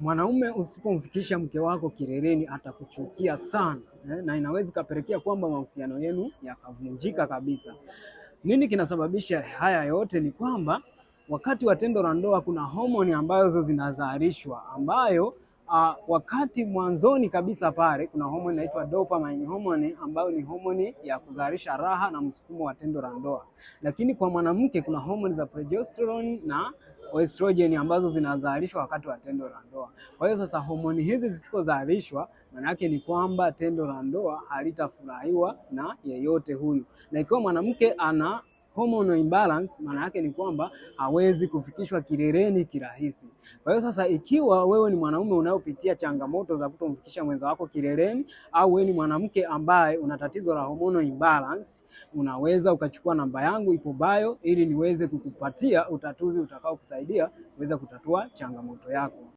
Mwanaume usipomfikisha mke wako kileleni atakuchukia sana eh, na inaweza ikapelekea kwamba mahusiano yenu yakavunjika kabisa. Nini kinasababisha haya yote? Ni kwamba wakati wa tendo la ndoa kuna homoni ambazo zinazalishwa ambayo Uh, wakati mwanzoni kabisa pale kuna homoni inaitwa dopamine homoni ambayo ni homoni ya kuzalisha raha na msukumo wa tendo la ndoa, lakini kwa mwanamke kuna homoni za progesterone na oestrogen ambazo zinazalishwa wakati wa tendo la ndoa. Kwa hiyo sasa homoni hizi zisipozalishwa, maana yake ni kwamba tendo la ndoa halitafurahiwa na yeyote huyu, na ikiwa mwanamke ana hormonal imbalance, maana yake ni kwamba hawezi kufikishwa kileleni kirahisi. Kwa hiyo sasa, ikiwa wewe ni mwanaume unayopitia changamoto za kutomfikisha mwenza wako kileleni, au wewe ni mwanamke ambaye una tatizo la hormonal imbalance, unaweza ukachukua namba yangu ipo bio, ili niweze kukupatia utatuzi utakaokusaidia kuweza kutatua changamoto yako.